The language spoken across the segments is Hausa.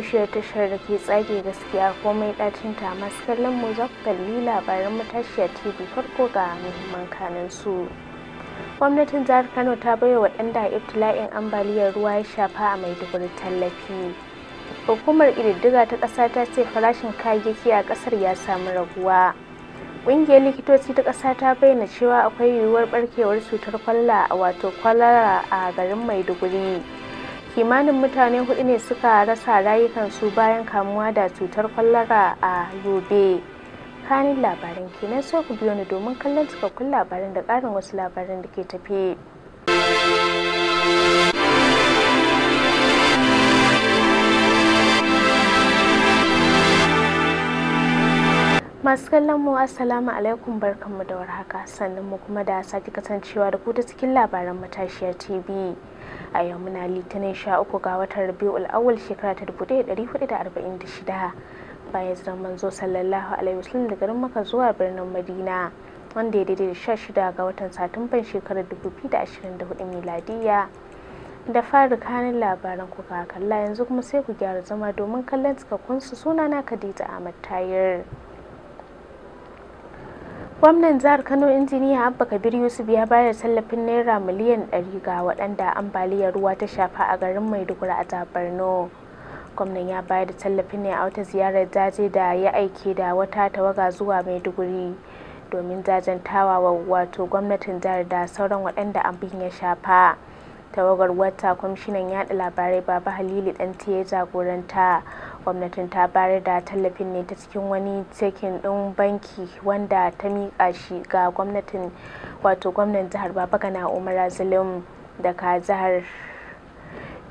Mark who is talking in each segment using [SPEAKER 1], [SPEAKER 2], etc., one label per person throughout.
[SPEAKER 1] makwabciyar tashar da ke tsage gaskiya komai ɗacinta masu kallon mu za ku kalli labaran matashiya tv farko ga muhimman kanin su gwamnatin jihar kano ta bai wa waɗanda ibtila'in ambaliyar ruwa ya shafa a maiduguri tallafi hukumar ƙididdiga ta ƙasa ta ce farashin kayayyaki a ƙasar ya samu raguwa ƙungiyar likitoci ta ƙasa ta bayyana cewa akwai yiwuwar ɓarkewar cutar kwalla wato kwalara a garin maiduguri kimanin mutane hudu ne suka rasa rayukansu bayan kamuwa da cutar kwallara a yobe kanin labarin kenan sai ku biyo ni domin kallon cikakkun labarin da karin wasu labarin da ke tafe masu kallon mu assalamu alaikum barkanmu da warhaka sannan mu kuma da sake kasancewa da ku ta cikin labaran matashiyar tv a yau muna litinin uku ga watan rabiul awal shekara ta 1446 bayan zan manzo sallallahu alaihi wasallam da garin maka zuwa birnin madina wanda ya daidai da sha shida ga watan satumban shekarar 2024 miladiya da fara kanin labaran kuka kalla yanzu kuma sai ku gyara zama domin kallon cikakkun su sunana khadija ahmad tayir Gwamnan jihar Kano Injiniya Abba Kabir Yusuf ya bayar tallafin naira miliyan 100 ga waɗanda ambaliyar ruwa ta shafa a garin Maiduguri a jihar Borno. Gwamnan ya bayar da tallafin ne a wata ziyarar daji da ya aike da wata tawaga zuwa Maiduguri domin jajantawa wa wato gwamnatin jihar da sauran waɗanda abin ya shafa. Tawagar wata kwamishinan yaɗa labarai Baba Halilu dan ya jagoranta. gwamnatin ta bayar da tallafin ne ta cikin wani cikin ɗin banki wanda ta miƙa shi ga gwamnatin wato gwamnan jihar na umar da ka jihar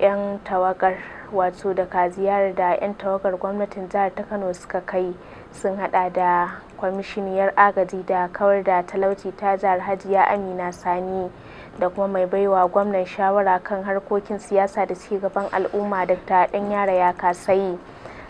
[SPEAKER 1] 'yan tawagar wato da ka ziyarar da 'yan tawagar gwamnatin jihar ta kano suka kai sun hada da kwamishiniyar agaji da kawar da talauci ta jihar hajiya amina sani da kuma mai baiwa gwamnan shawara kan harkokin siyasa da cigaban al'umma da ta ɗan yara ya kasayi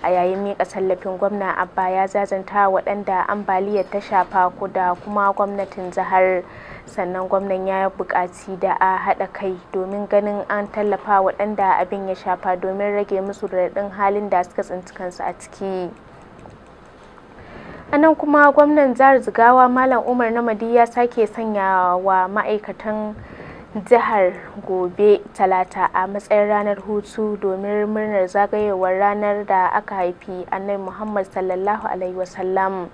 [SPEAKER 1] a yayin mika tallafin gwamna abba ya zazanta waɗanda ambaliyar ta shafa ku da kuma gwamnatin jihar sannan gwamnan ya buƙaci da a haɗa kai domin ganin an tallafa waɗanda abin ya shafa domin rage musu raɗin halin da suka tsinci kansu a ciki anan kuma gwamnan jihar zigawa malam umar namadi ya sake sanya wa ma'aikatan jihar gobe talata a matsayin ranar hutu domin murnar zagayowar ranar da aka haifi annabi muhammad sallallahu alaihi wasallam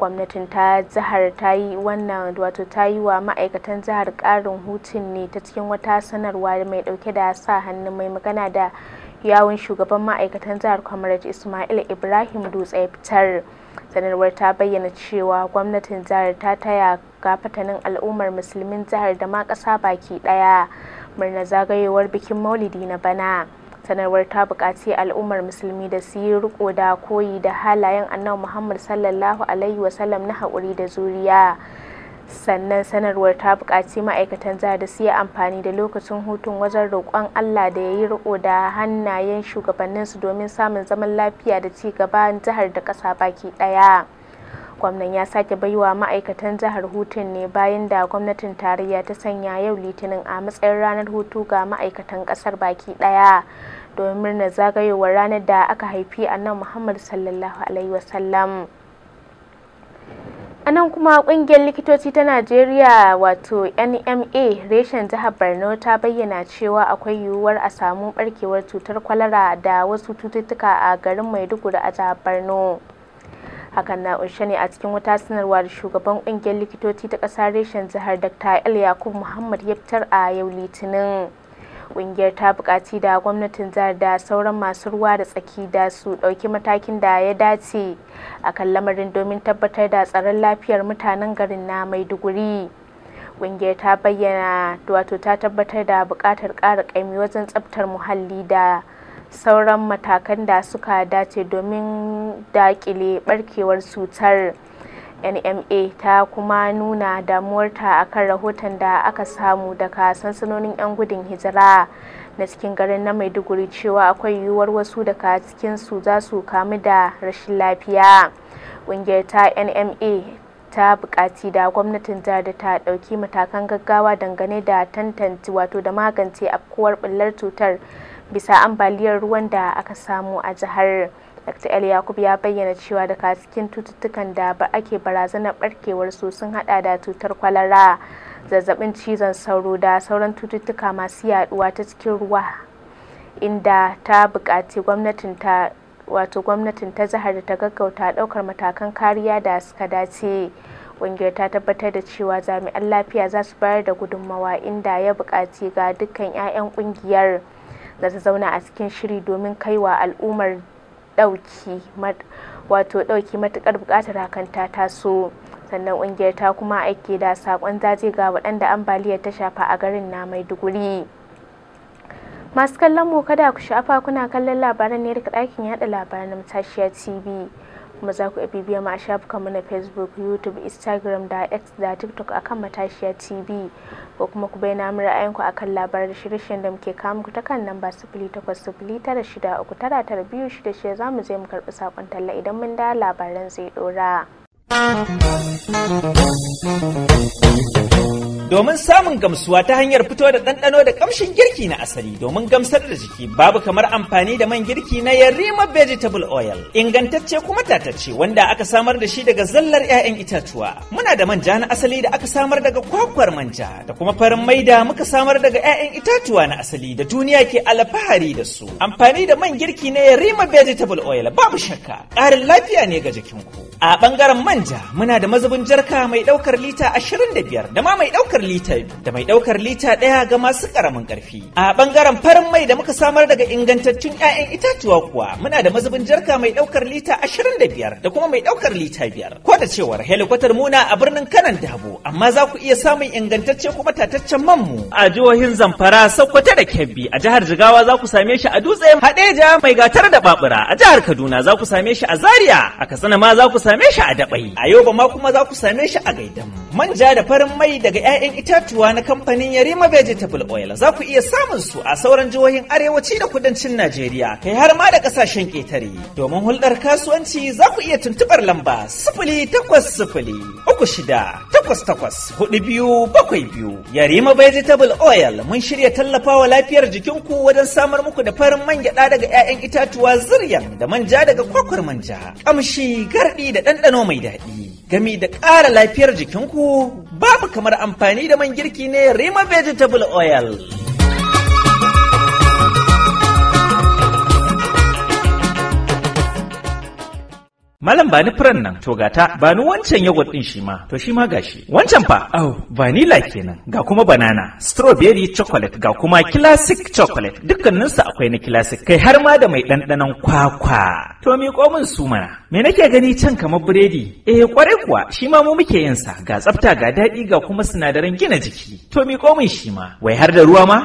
[SPEAKER 1] gwamnatin ta jihar ta yi wannan wato ta yi wa ma'aikatan jihar karin hutun ne ta cikin wata sanarwa mai dauke da sa hannu mai magana da yawun shugaban ma'aikatan jihar comrade ismail ibrahim dutse fitar sanarwar ta bayyana cewa gwamnatin jihar ta taya kafatanin al'ummar musulmin jihar da ma ƙasa baki ɗaya murna zagayowar bikin maulidi na bana sanarwar ta buƙaci al'ummar musulmi da su yi riko da koyi da halayen annabi muhammad sallallahu alaihi wasallam na haƙuri da zuriya sannan sanarwar ta buƙaci ma'aikatan jihar da su yi amfani da lokacin hutun wajen roƙon allah da ya yi riko da hannayen shugabanninsu domin samun zaman lafiya da ci gaba jihar da ƙasa baki ɗaya gwamnan ya sake baiwa ma'aikatan jihar hutun ne bayan da gwamnatin tarayya ta sanya yau litinin a matsayin ranar hutu ga ma'aikatan ƙasar baki ɗaya domin murnar zagayowar ranar da aka haifi nan muhammad sallallahu alaihi wasallam a nan kuma kungiyar likitoci ta najeriya wato nma reshen jihar barno ta bayyana cewa akwai yiwuwar a samu barkewar cutar kwalara da wasu cututtuka a garin maiduguri a jihar barno hakan na unshe ne a cikin wata sanarwa da shugaban kungiyar likitoci ta kasar reshen jihar dr el yakub muhammad ya a yau litinin ƙungiyar ta bukaci da gwamnatin jihar da sauran masu ruwa da tsaki da su ɗauki matakin da ya dace a kan lamarin domin tabbatar da tsaron lafiyar mutanen garin na maiduguri ƙungiyar ta bayyana wato ta tabbatar da bukatar ƙara ƙaimi wajen tsabtar muhalli da sauran matakan da suka dace domin daƙile ɓarkewar cutar. nma ta kuma nuna damuwarta akan rahoton da aka samu daga sansanonin 'yan gudun hijira na cikin garin na maiduguri cewa akwai yiwuwar wasu daga cikinsu za su kamu da rashin lafiya ƙungiyar ta nma ta buƙaci da gwamnatin jihar da ta ɗauki matakan gaggawa dangane da tantance wato da magance afkuwar ɓullar cutar bisa ambaliyar ruwan da aka samu a jihar. Dr. El Yakub ya bayyana cewa daga cikin tututtukan da ba ake barazanar barkewar su sun hada da cutar kwalara, zazzabin cizon sauro da sauran tututtuka masu yaduwa ta cikin ruwa. Inda ta buƙaci gwamnatin ta wato gwamnatin ta jihar da ta gaggauta ɗaukar matakan kariya da suka dace. Ƙungiyar ta tabbatar da cewa jami'an lafiya za su bayar da gudunmawa inda ya buƙaci ga dukkan 'ya'yan ƙungiyar da ta zauna a cikin shiri domin kaiwa al'ummar ɗauki wato ɗauki matuƙar buƙatar hakan ta taso sannan ƙungiyar ta kuma aiki da saƙon zaje ga waɗanda ambaliyar ta shafa a garin na mai duguri. masu kallon mu kada ku shafa kuna kallon labaran ne daga ɗakin yaɗa labaran matashiya tv kuma za ku bibiya mu a shafukanmu na facebook youtube instagram da x da tiktok akan matashiya tv ko kuma ku bayyana mu ra'ayinku akan labaran shirye-shiryen da muke kawo muku ta kan namba sifili takwas tara shida uku tara tara za mu je mu karɓi sakon talla idan mun da labaran zai ɗora.
[SPEAKER 2] domin samun gamsuwa ta hanyar fito da ɗanɗano da ƙamshin girki na asali domin gamsar da jiki babu kamar amfani da man girki na yarima vegetable oil ingantacce kuma tatacce wanda aka samar da shi daga zallar 'ya'yan itatuwa muna da manja na asali da aka samar daga kwakwar manja da kuma farin maida muka samar daga 'ya'yan itatuwa na asali da duniya ke alfahari da su amfani da man girki na yarima vegetable oil babu shakka ƙarin lafiya ne ga jikinku a ɓangaren manja muna da mazubin jarka mai ɗaukar lita ashirin da biyar da ma mai ɗaukar ɗaukar lita da mai ɗaukar lita ɗaya ga masu ƙaramin ƙarfi. A ɓangaren farin mai da muka samar daga ingantattun 'ya'yan itatuwa kuwa muna da mazubin jarka mai ɗaukar lita ashirin da biyar da kuma mai ɗaukar lita biyar. Ko da cewar helikwatar na a birnin Kanan Dabo amma za ku iya samun ingantacce kuma tataccen man mu. A jihohin Zamfara, Sokoto da Kebbi a jihar Jigawa za ku same shi a dutse ja mai gatar da Babura a jihar Kaduna za ku same shi a Zaria a Katsina ma za ku same shi a Dabai a Yoba ma kuma za ku same shi a Gaidam. manja da farin mai daga 'ya'yan itatuwa na kamfanin Yarima Vegetable Oil za ku iya samun su a sauran jihohin arewaci da kudancin Najeriya kai har ma da ƙasashen ƙetare. Domin hulɗar kasuwanci za ku iya tuntuɓar lamba sifili takwas sifili uku shida takwas takwas hudu biyu bakwai biyu. Yarima Vegetable Oil mun shirya tallafawa lafiyar jikinku wajen samar muku da farin man gyaɗa daga 'ya'yan itatuwa zuriyan da manja daga kwakwar manja. Ƙamshi, garɗi da ɗanɗano mai daɗi. gami da ƙara lafiyar jikinku babu kamar amfani da man girki ne Rima Vegetable Oil. Malam ba ni furan nan to gata ba ni wancan yogurt ɗin shi ma to shi ma gashi. Wancan fa oh vanilla kenan ga kuma banana strawberry chocolate ga kuma classic chocolate dukkanin su akwai na classic kai har ma da mai ɗanɗanon kwakwa. To mi komin su mana me nake gani can kamar biredi eh kwarai kuwa shi ma mu muke yin sa ga tsafta ga daɗi ga kuma sinadaran gina jiki. To mi komin shi ma wai har da ruwa ma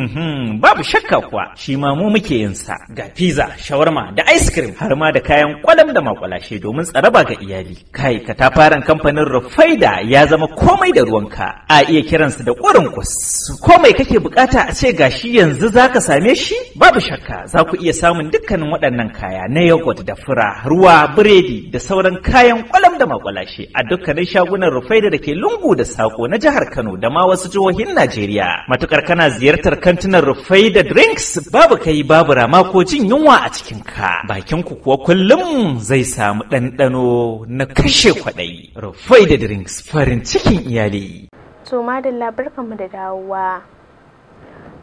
[SPEAKER 2] babu shakka kuwa shi ma mu muke yin sa ga pizza shawarma da ice cream har ma da kayan kwalam da makwala hasashe domin tsaraba ga iyali kai ka tafaran kamfanin rufaida ya zama komai da ruwanka a iya kiransu da ƙwarin kwas komai kake bukata a ce gashi yanzu zaka same shi babu shakka za ku iya samun dukkanin waɗannan kaya na yogurt da fura ruwa biredi da sauran kayan kwalam da makwalashe a dukkanin shagunan rufaida da ke lungu da sako na jihar kano da ma wasu jihohin najeriya matukar kana ziyartar kantinan rufaida drinks babu kai babu rama ko jin yunwa a cikin ka bakin ku kuwa kullum zai sa samu ɗanɗano na kashe kwaɗayi rufai da drinks farin cikin iyali.
[SPEAKER 1] To madalla barkanmu da dawowa.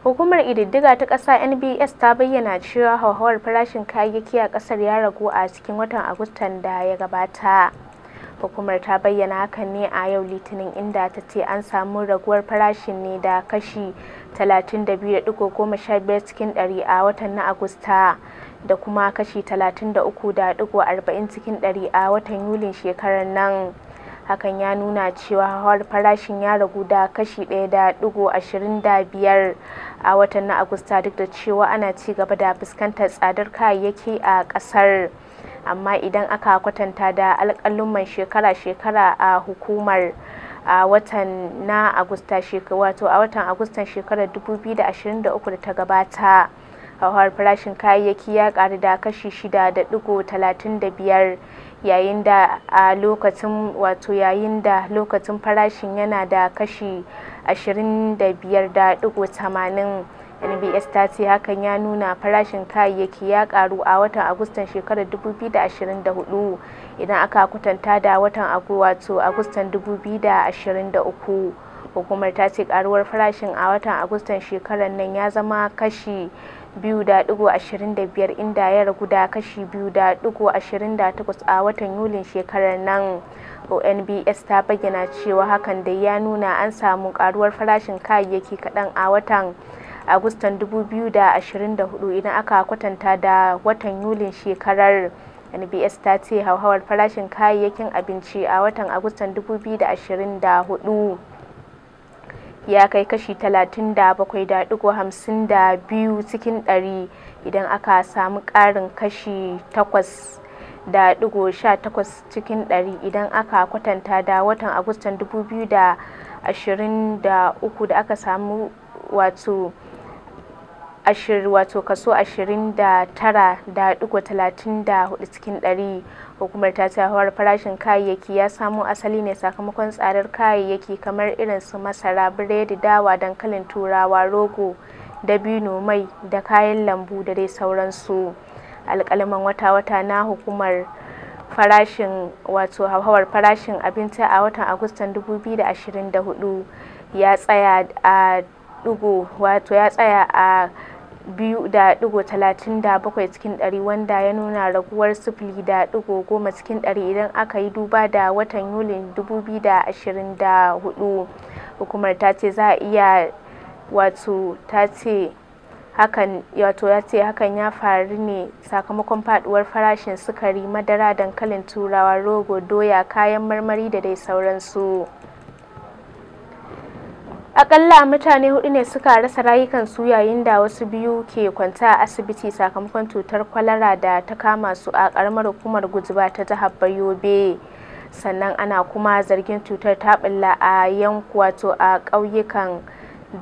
[SPEAKER 1] Hukumar ƙididdiga ta ƙasa NBS ta bayyana cewa hauhawar farashin kayayyaki a ƙasar ya ragu a cikin watan Agustan da ya gabata. Hukumar ta bayyana hakan ne a yau Litinin inda ta ce an samu raguwar farashin ne da kashi 32.15 cikin 100 a watan na Agusta. da kuma kashi 33.40 cikin ɗari a watan Yulin shekarar nan. Hakan ya nuna cewa hawar farashin ya ragu da kashi 1.25 a watan na Agusta duk da cewa ana ci gaba da fuskantar tsadar kayayyaki a kasar Amma idan aka kwatanta da alƙalumman shekara-shekara a hukumar a watan na Agusta wato a watan Agustan shekarar 2023 da ta gabata. hauhawar farashin kayayyaki ya karu da kashi biyar yayin da a lokacin wato yayin da lokacin farashin yana da kashi tamanin NBS ta ce hakan ya nuna farashin kayayyaki ya karu a watan Agustan shekarar 2024 idan aka kwatanta da watan wato Agustan 2023. Hukumar ta ce karuwar farashin a watan Agustan shekarar nan ya zama kashi 2.25 inda ya ragu da kashi 2.28 a watan Yulin shekarar nan. ONBS ta bayyana cewa hakan da ya nuna an samu karuwar farashin kayayyaki kaɗan a watan Agustan 2024 idan aka kwatanta da watan Yulin shekarar. NBS ta ce hauhawar farashin kayayyakin abinci a watan Agustan 2024 ya kai kashi 37.52 cikin 100 idan aka samu karin kashi 8.18 cikin 100 idan aka kwatanta da watan agustan 2023 da aka samu wato ashirin wato kaso ashirin da tara da digo talatin da hudu cikin dari hukumar ta ce hawar farashin kayayyaki ya samo asali ne sakamakon tsadar kayayyaki kamar irin su masara biredi dawa dankalin turawa rogo dabino mai da kayan lambu da dai sauransu alkalaman wata-wata na hukumar farashin wato hauhawar farashin abinci a watan agustan 2024 ya tsaya a dugu wato ya tsaya a 2.37 cikin ɗari wanda ya nuna raguwar sifili da ɗigo goma cikin 100 idan aka yi duba da watan Yulin 2024. Hukumar ta ce za a iya wato ta ce hakan wato ya ce hakan ya faru ne sakamakon faduwar farashin sukari madara dankalin turawa rogo doya kayan marmari da dai sauransu. akalla mutane hudu ne suka rasa rayukan su yayin da wasu biyu ke kwanta a asibiti sakamakon cutar kwalara da ta kama su a karamar hukumar gujiba ta jihar bayobe sannan ana kuma zargin cutar ta bulla a yanku wato a ƙauyukan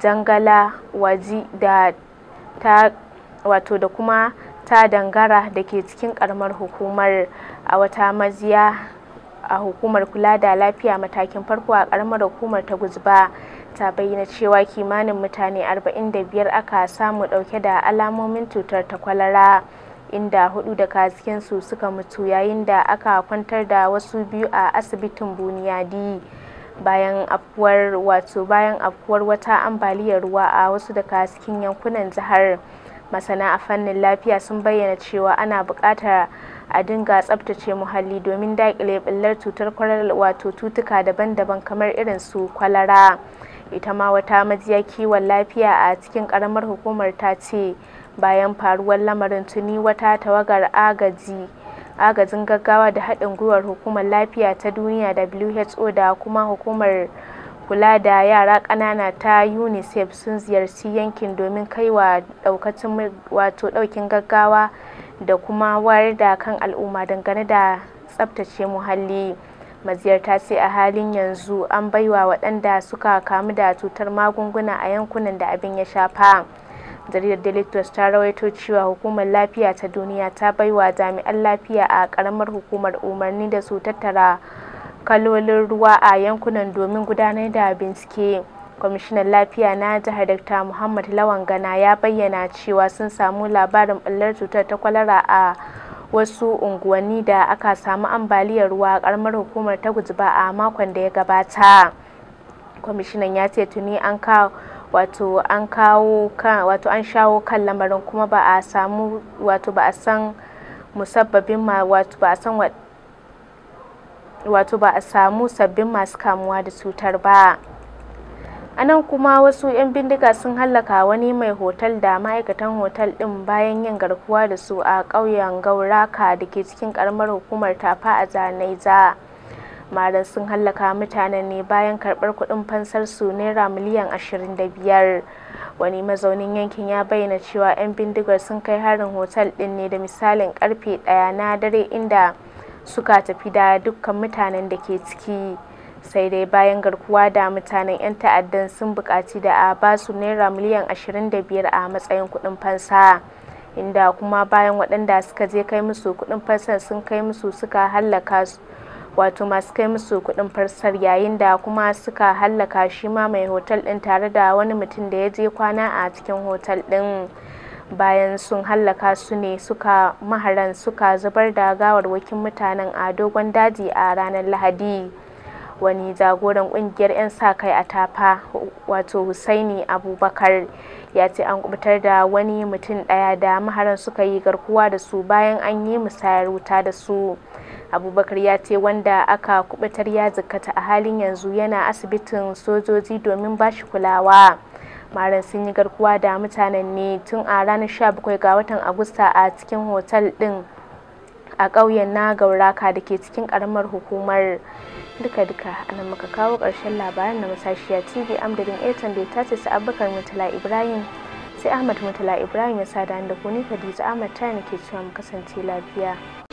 [SPEAKER 1] jangala waji da ta wato da kuma ta dangara da ke cikin karamar hukumar a wata maziya a hukumar kula da lafiya matakin farko a karamar hukumar ta gujba ta bayyana cewa kimanin mutane 45 aka samu dauke da alamomin cutar ta kwalara inda hudu daga cikinsu suka mutu yayin da aka kwantar da wasu biyu a asibitin buniyadi bayan afuwar wato bayan afuwar wata ambaliyar ruwa a wasu daga cikin yankunan jihar masana a fannin lafiya sun bayyana cewa ana buƙatar a dinga tsabtace muhalli domin daƙile ɓillar cutar kwalara wato tutuka daban-daban kamar irin su kwalara ita ma wata majiya kiwon lafiya a cikin karamar hukumar ta ce bayan faruwar lamarin tuni wata tawagar agaji agajin gaggawa da haɗin gwiwar hukumar lafiya ta duniya who da kuma hukumar kula da yara ƙanana ta unicef sun ziyarci yankin domin kai wa ɗaukacin wato ɗaukin gaggawa da kuma wayar da kan al'umma dangane da tsabtace muhalli maziyarta ce a halin yanzu an baiwa waɗanda suka kamu da cutar magunguna a yankunan da abin ya shafa jaridar daily ta rawaito cewa hukumar lafiya ta duniya ta baiwa jami'an lafiya a karamar hukumar umarni da su tattara kalolin ruwa a yankunan domin gudanar da bincike kwamishinan lafiya na jihar dr muhammad lawan gana ya bayyana cewa sun samu labarin ɓullar cutar ta kwalara a wasu unguwanni da aka samu ambaliyar ruwa karamar hukumar ta ba a makon da ya gabata kwamishinan ya ce tuni an kawo wato an kawo kan wato an shawo kan lamarin kuma ba a samu wato ba a san musabbabin ma wato ba a san wato ba a samu sabbin masu kamuwa da cutar ba a nan kuma wasu 'yan bindiga sun hallaka wani mai hotel da ma'aikatan hotel ɗin bayan yin garkuwa da su a ƙauyen gauraka da ke cikin karamar hukumar tafa a zanaiza maran sun hallaka mutanen ne bayan karɓar kuɗin fansar su naira miliyan 25 wani mazaunin yankin ya bayyana cewa 'yan bindigar sun kai harin hotel ɗin ne da misalin karfe ɗaya na dare inda suka tafi da dukkan mutanen da ke ciki sai dai bayan garkuwa da mutanen 'yan ta'addan sun bukaci da a basu naira miliyan 25 a matsayin kudin fansa inda kuma bayan waɗanda suka je kai musu kudin fansar sun kai musu suka hallaka su wato masu kai musu kudin farsar yayin da kuma suka hallaka shi ma mai hotel ɗin tare da wani mutum da ya je kwana a cikin hotel ɗin bayan sun hallaka su ne suka maharan suka zubar da gawar wakin mutanen a dogon daji a ranar lahadi wani jagoran kungiyar 'yan sa-kai a tafa wato husaini abubakar ya ce an kubutar da wani mutum daya da maharan suka yi garkuwa da su bayan an yi musayar wuta da su abubakar ya ce wanda aka kubutar ya jikkata a halin yanzu yana asibitin sojoji domin ba shi kulawa maran sun yi garkuwa da mutanen ne tun a ranar 17 ga watan agusta a cikin hotel din a ƙauyen na gauraka da ke cikin ƙaramar hukumar duka-duka anan muka kawo ƙarshen labaran na masashiya tv amdarin etan da ta ce abubakar mutala ibrahim sai ahmad mutala ibrahim ya sada da ku ni hadiza ahmad ta ke cewa mu kasance lafiya